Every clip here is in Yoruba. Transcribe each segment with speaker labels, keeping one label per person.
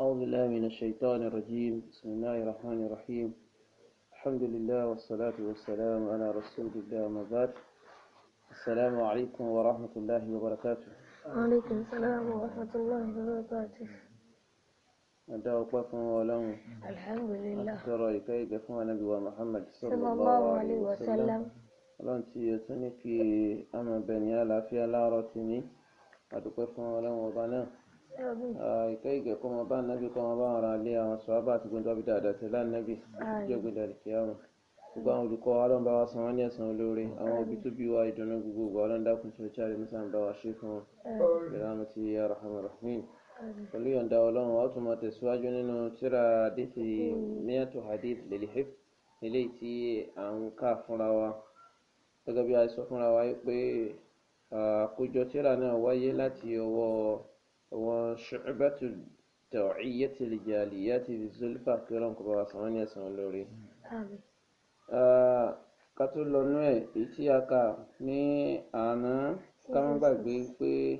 Speaker 1: أعوذ بالله من الشيطان الرجيم بسم الله الرحمن الرحيم الحمد لله والصلاة والسلام على رسول الله وبعد السلام عليكم ورحمة الله وبركاته وعليكم السلام ورحمة الله وبركاته أدعو قفا ولهم الحمد لله أكثر إليك قفا نبي محمد صلى الله عليه وسلم ọlọ́run tí o tún ní kí ọmọ bẹ̀rẹ̀ yẹn láàfin aláàárọ̀ ti ní àdúpẹ́ fún ọlọ́run ọba náà ìfẹ́ ìgẹ̀ kọ́ máa bá nábì kọ́ máa bá wọn ra lé àwọn sọ́ábà àti gbogbo àbí dáadáa tẹ̀ láì nábì jọ́gbé dàlẹ́ kí á wọn gbogbo àwọn olùkọ́ ọlọ́run bá wa san wọ́n ní ẹ̀san olóore àwọn òbí tó bí wa ìdùnnú gbogbo ìgbà ọlọ́run dákun tó jáde musa ń bá wa ṣe fún wọn ìlànà ti arahamu rahim pẹ̀lú yọ̀ǹda ọlọ́run wa tún máa tẹ̀síwájú nínú tíra miyatu hadith lèlè hif eléyìí tí à ń kà fúnra wa gẹ́gẹ́ bí a sọ fúnra wa pé àkójọ وشعبة التوعية الجاليات ذي الزلفى كلهم كبار ثمانية سنة لوري آمين آه كاتول لونوي أنا كما في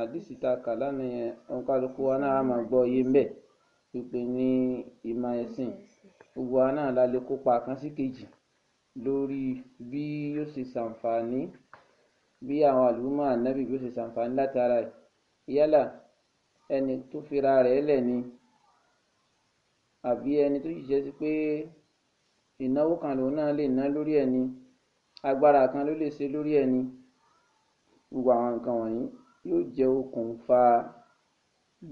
Speaker 1: àdìsí tá a kà lánàá yẹn ọkàlùkù wa náà máa gbọ́ yé ń bẹ
Speaker 2: pípé ní ìmọ̀
Speaker 1: ẹ̀sìn gbogbo wa náà la lè kópa kan sí kejì lórí bí yóò ṣe ṣàǹfààní bí àwọn àlùmọ ànábì yóò ṣe ṣàǹfààní látara ẹ̀
Speaker 2: yálà ẹni tó fira rẹ̀ lẹ̀ ni àbí ẹni tó ṣiṣẹ́ sí pé ìnáwó kan lòun náà lè ná lórí ẹni agbára kan ló lè ṣe lórí ẹni gbogbo àwọn nǹkan wọ̀nyí yóò jẹ́ okùnfà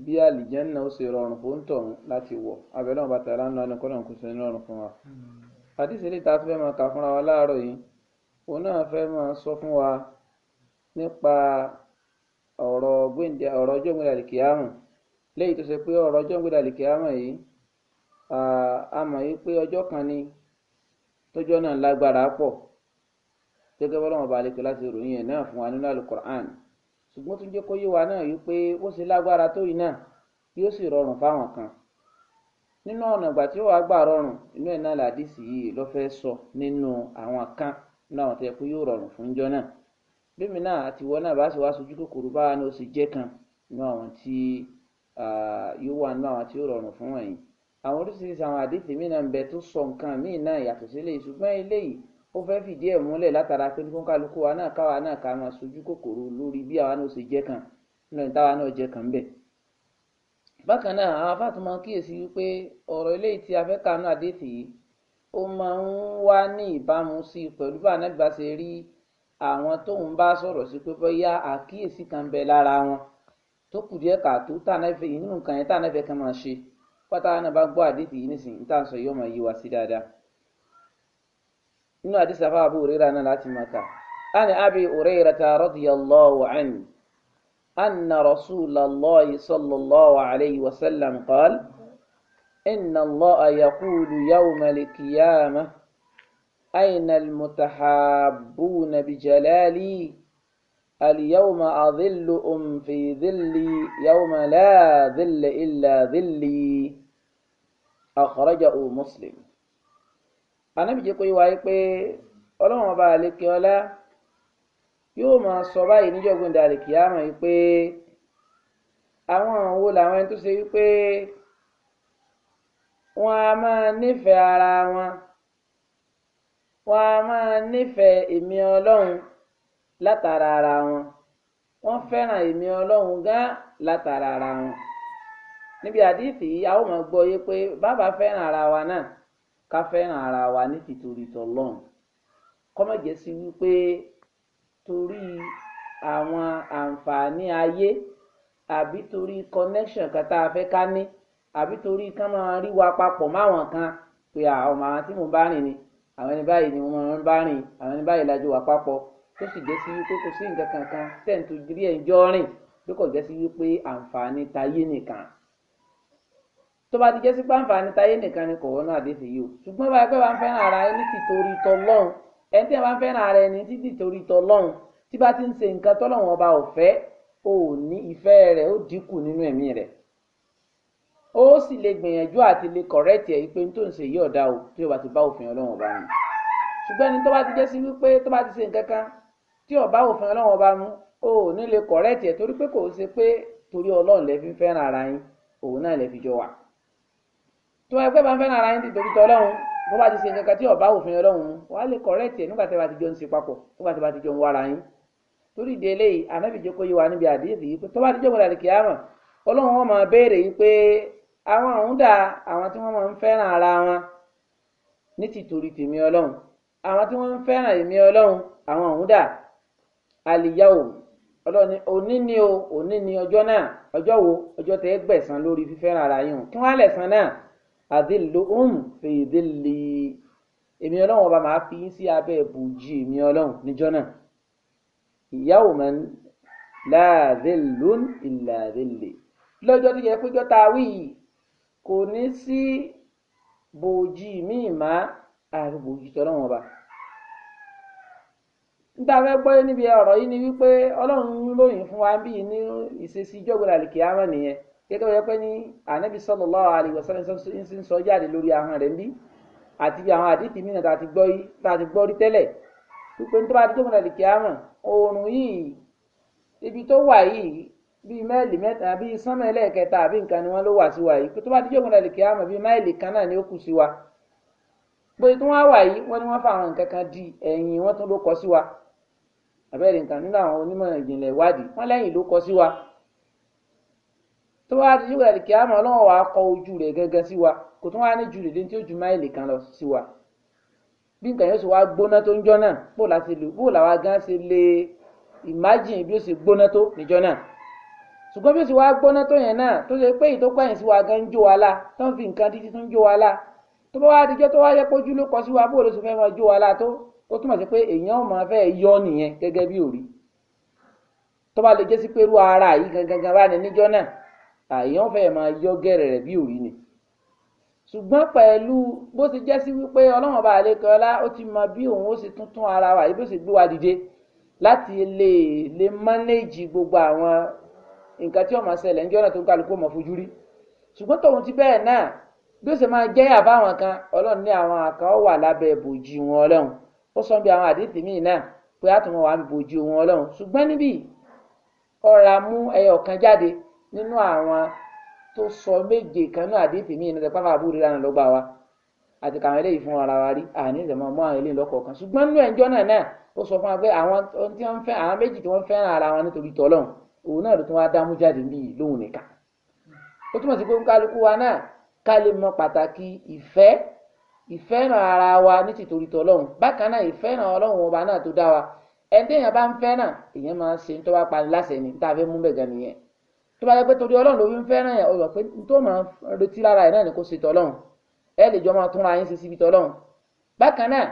Speaker 2: bí àlìjẹ́nà ó ṣe rọrùn fún tọ̀hún láti wọ̀ abẹ́lẹ́ ọ̀bàtà aláǹlá ni kọ́nà kò ṣe ń rọrùn fún wa. àdìsí lè ta fẹ́ máa kà fúnra wa láàárọ̀ yìí òun náà fẹ́ máa sọ fún wa nípa ọ̀rọ̀ gbẹ̀ǹdẹ̀ ọ̀rọ̀ ọjọ́ gbẹ̀ǹdẹ̀ àlìkìyàmù léyìí tó ṣe pé ọ̀rọ̀ ọjọ́ gbẹ̀ǹdẹ̀ àlìkìyàmù yìí a mọ̀ yìí pé ọjọ́ kan ni tọ́jọ́ náà lágbára pọ̀ gẹ́gẹ́ bọ́lá wọn bá lè pè láti ròyìn ẹ̀ náà fún wa nínú alukur'an ṣùgbọ́n tó ń jẹ́ kó yé wa náà yìí pé ó ṣe lágbára tó yìí náà yóò sì rọrùn fáwọn kan nínú ọ̀nà ìgbà tí ó wàá gbà rọrùn inú ẹ̀ náà làdísì yìí ló fẹ́ sọ nínú àwọn kan nínú tó yẹ kó yóò rọrùn fún jọ náà bẹ́mi náà àti ìwọ náà bá sì wá sojú kòkòrò báwa ni ó sì jẹ́ kan nínú àwọn tí yóò wà nínú àwọn tí ó rọrùn fún ẹ̀yin àwọn oríṣiríṣi àwọn àdéhìí mí náà ń bẹ tó sọ nǹkan míì náà yàtọ̀ sí eléyìí ṣùgbọ́n eléyìí ó fẹ́ fìdí ẹ̀ múlẹ̀ látara pé kó kálukú wa náà káwa náà ká máa sojú kòkòrò lórí bí àwa náà ó ṣe jẹ́ kan nínú táwa náà jẹ́ kan bẹ̀. bákan náà àwọn afáàtú máa ń kíyèsí wípé ọ̀rọ̀ eléyìí tí a fẹ́ kà nínú àdéhìí ó máa ń wá ní ìbámu sí pẹ̀lú bá anábìbá ṣe rí àwọn tóun bá sọ̀rọ̀ sí pé bóyá àkíyèsí kan bẹ lára wọn tó kù díẹ̀ kàtó tànàfẹ́ inú nǹkan yẹn tànàfẹ́ kan máa ṣe pátá náà bá gbọ́ àdéhìí yìí nísìnyí níta sọ yóò máa yí wa sí dáadáa. nínú àdìsá fáwọn Abu Hurairah náà láti máa kà ani Abi Hurairata radiyallahu anhu anna rasulallahi sallallahu alayhi wa sallam qala inna allaha yaqulu yawma al أين المتحابون بجلالي اليوم أظلهم في ظلي يوم لا ظل إلا ظلي أخرجه مسلم Ànábì jẹ́ kó yé wa pé Ọlọ́run ọba àlekè ọlá yóò máa sọ báyìí níjọ́gbìn dàrí kìámà yìí pé àwọn wo làwọn ẹni tó ṣe wípé wọn a máa nífẹ̀ẹ́ ara wọn wọn a máa nífẹ̀ẹ́ èmi ọlọ́run látara ara wọn wọn fẹ́ràn èmi ọlọ́run gan-an látara ara wọn níbi àdìsí yìí a ó máa gbọ́ yé pé bàbá fẹ́ràn ara wa náà ká fẹ́ràn ara wa ní tìtorí tọlọ́run kọ́mọ̀jẹ́ sí wípé torí àwọn àǹfààní ayé àbí torí connection kan tá a fẹ́ ká ní àbí torí ká máa rí wa papọ̀ máwọn kan pé àwọn àwọn tí mo bá rìn ni àwọn ẹni báyìí ni wọ́n ń bá rìn àwọn ẹni báyìí lájọ wà papọ̀ tó sì jẹ́ sí wípé kò sí nǹkan kankan tẹ̀ǹtù dírí ẹ̀jọ́ rìn bí kò jẹ́ sí wípé àǹfààní tayé nìkan tó bá ti jẹ́ sí pé àǹfààní tayé nìkan ni kò wọ́n náà dé sí yìí o ṣùgbọ́n báyìí pé wàá fẹ́ràn ara ẹni tí torí tọlọ́run ẹni tí wàá fẹ́ràn ara ẹni tí torí tọlọ́run tí bá ti ń ṣe nǹkan tọ́lọ́run ọba ọ̀fẹ́ ò ní ìfẹ́ rẹ̀ ó dínkù nínú ẹ̀mí rẹ̀ ó sì lè gbìyànjú àti lè kọ̀rẹ́tì ẹ̀ pé tó ń ṣe yí dá o tí o bá ti bá òfin ọlọ́run ọba mu ṣùgbọ́n ẹni tó bá ti jẹ́ sí wípé tó bá ti ṣe nǹkan kan tí ó bá òfin ọlọ́run ọba mu o ò ní lè kọ̀rẹ́tì ẹ̀ torí pé kò ṣe pé torí ọlọ́run lẹ fi ń fẹ́ràn ara yín òun náà lẹ fi jọ wà tí wọ́n ẹgbẹ́ bá ń fẹ́ràn ara yín ti torí tọ́lọ́run bó bá ti ṣe nǹkan kan tí ó bá òfin ọlọ́run mu wàá lè kọ̀rẹ́tì ẹ̀ nígbà tí wàá ti jọ ń ṣe papọ̀ nígbà tí wàá ti jọ àwọn ọ̀hún dà àwọn tí wọ́n máa ń fẹ́ràn ara wọn ní tìtorí tèmi ọlọ́run àwọn tí wọ́n ń fẹ́ràn èmi ọlọ́run àwọn ọ̀hún dà àlìyáwó ọlọ́ni òní ni o òní ni ọjọ́ náà ọjọ́ wo ọjọ́ tẹ́ gbẹ̀san lórí fífẹ́ràn ara yín o kí wọ́n á lẹ̀san náà àdéhùn fèdèlè èmi ọlọ́run ọba máa fi yín sí abẹ́ ìbòjì èmi ọlọ́run níjọ́ náà ìyáwó man láàdéhùn ìlàdéhùn lọ́jọ́ tó yẹ péjọ́ tá a wí kò ní í sí bòójì míì má àfi bòójì tọ́lọ́run ọba níta fẹ́ gbọ́ níbi ọ̀rọ̀ yìí ni wípé ọlọ́run lóyìn fún wa bíi ní ìṣesí àmọ́ nìyẹn gẹ́gẹ́ ní ànábì sallallahu alaihi wasallam ń sọ jáde lórí ahọ́n rẹ̀ àwọn àdìtì tẹ́lẹ̀ wípé nítorí àmọ́ bíi máìlì mẹ́ta àbí sánmà ẹlẹ́ẹ̀kẹta àbí nǹkan ni wọ́n ló wà sí wa yìí tó bá ti jókòó lẹ́lẹ̀ kí á mọ̀ bíi máìlì kan náà ni ó kù sí wa bóyá tí wọ́n wà yìí wọ́n ní wọ́n fa àwọn nǹkan kan di ẹ̀yìn wọ́n tún ló kọ sí wa àbẹ́rẹ́ nǹkan nínú àwọn onímọ̀ ìjìnlẹ̀ ìwádìí wọ́n lẹ́yìn ló kọ sí wa tó bá ti jókòó lẹ́lẹ̀ kí á mọ̀ ọlọ́wọ́n wa kọ ojú rẹ̀ gẹ́gẹ́ sí wa kò tún wá ní ju lèdè tí ó ju máìlì kan lọ sí wa bí nǹkan yóò ṣe wá gbóná tó ń jọ náà bó làwa gan ṣe lè imagine bí ó ṣe gbóná tó níjọ náà ṣùgbọ́n bí o sì wá gbóná tó yẹn náà tó ṣe pé èyí tó pẹ̀yìn sí wa gan ń jó wa la tó ń fi nǹkan títí tó ń jó wa la tó bá wá adijọ́ tó wá yẹ pójú ló kọ sí wa bóòlù sì fẹ́ máa jó wa la tó ó túmọ̀ sí pé èèyàn ò máa fẹ́ yọ nìyẹn gẹ́gẹ́ bí òrí tó bá lè jẹ́ sí pé irú ara yìí gangan bá ní níjọ́ náà àyàn fẹ́ máa yọ gẹ́rẹ̀ rẹ̀ bí òrí ni ṣùgbọ́n pẹ̀lú bó ti jẹ́ sí wípé ọlọ́run bá àlekọ ọlá ó ti mọ bí òun ó sì tuntun ara wa yìí bó sì gbé wa dìde láti lè lè mánéèjì gbogbo àwọn nǹkan tí ó máa ṣẹlẹ̀ níjọ́ náà tó ń kálukú máa fojú rí ṣùgbọ́n tóun ti bẹ́ẹ̀ náà bí ó ṣe máa jẹ́ yàbá àwọn kan ọlọ́run ní àwọn àkàn wà lábẹ́ bòjì wọn ọlọ́run ó sọ bí àwọn àdìsí míì náà pé àtúmọ̀ wà ní bòjì wọn ọlọ́run ṣùgbọ́n níbí ọ̀rà mú ẹyọ kan jáde nínú àwọn tó sọ méje kan náà àdìsí míì náà pápá àbúrò lánàá ló gbà wá àti kàwọn eléyìí fún ara wa rí àní ìdẹ̀mọ̀ mọ́ àwọn eléyìí lọ́kọ̀ọ̀kan ṣùgbọ́n nínú ẹ̀ńjọ́ náà náà ó sọ fún wa pé àwọn tí wọ́n fẹ́ àwọn méjì tí wọ́n fẹ́ràn ara wọn nítorí tọ́lọ́run òun náà ló tún wá dámú jáde bíi lóhùn nìkan ó túmọ̀ sí pé kálukú wa náà ká lè mọ pàtàkì ìfẹ́ ìfẹ́ràn ara wa ní tìtorí tọlọ́run bákan náà ìfẹ́ràn ọlọ́run ọba náà tó dá wa ẹni téèyàn bá ń fẹ́ràn èèyàn máa ń ṣe tó bá pani láṣẹ ni tá a fẹ́ mú bẹ̀gàn nìyẹn tó bá yẹ pé torí ọlọ́run ló fi ń fẹ́ràn yẹn ọ̀rọ̀ pé tó máa ń retí lára ẹ̀ náà ni kò ṣe tọlọ́run ẹ lè jọ máa tún ra yín sí síbi tọlọ́run bákan náà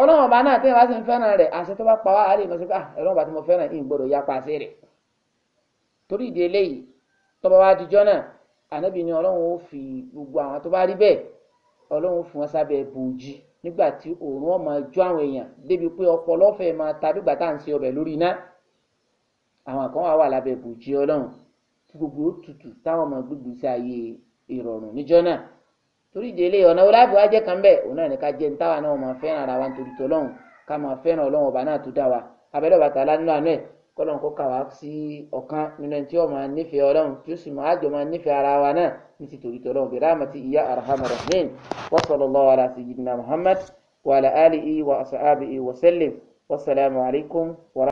Speaker 2: ọlọ́run ọba náà téèyàn bá ti ń fẹ́ràn rẹ̀ àṣẹ tó bá pa wá á lè sí pé ẹ̀rọ ah, ọba tí mo fẹ́ràn yìí gbọ́dọ̀ yapa àṣẹ rẹ̀ torí ìdí eléyìí tọ́ba wa dijọ́ náà ànábì ni ọlọ́run ó fi gbogbo àwọn tó bá rí bẹ́ẹ̀ ọlọ́run ó fi wọn sábẹ́ bòójì nígbà tí òórùn ọmọ jó àwọn èèyàn débi pé ọpọlọ fẹ́ máa ta bí gbàtà ń ṣe ọbẹ̀ lórí iná àwọn kan wà wà lábẹ́ bòójì ọlọ́run tí gbogbo ó tutù táwọn ọmọ gbogbo sí ayé ìrọ̀rùn níjọ́ náà torí ìdí eléyìí ọ̀nà oláàbò wa jẹ́ kan bẹ́ẹ̀ òun náà ní ká jẹ́ táwa náà máa fẹ́ràn ara wa nítorí tọ́lọ́run ká máa fẹ́ràn ọlọ́run ọba náà tó dá wa abẹ́rẹ́ bàtà alánú àánú kọ́lọ́n kó kà wá sí ọ̀kan nínú ẹni tí ó máa nífẹ̀ẹ́ ọlọ́run tí ó sì máa jọ máa nífẹ̀ẹ́ ara wa náà ní ti torí tọ́lọ́run bi rahmatihi ya arhamar rahimin wa ala sayyidina muhammad wa ala alihi wa ashabihi wa sallim wasalaamu alaykum wa.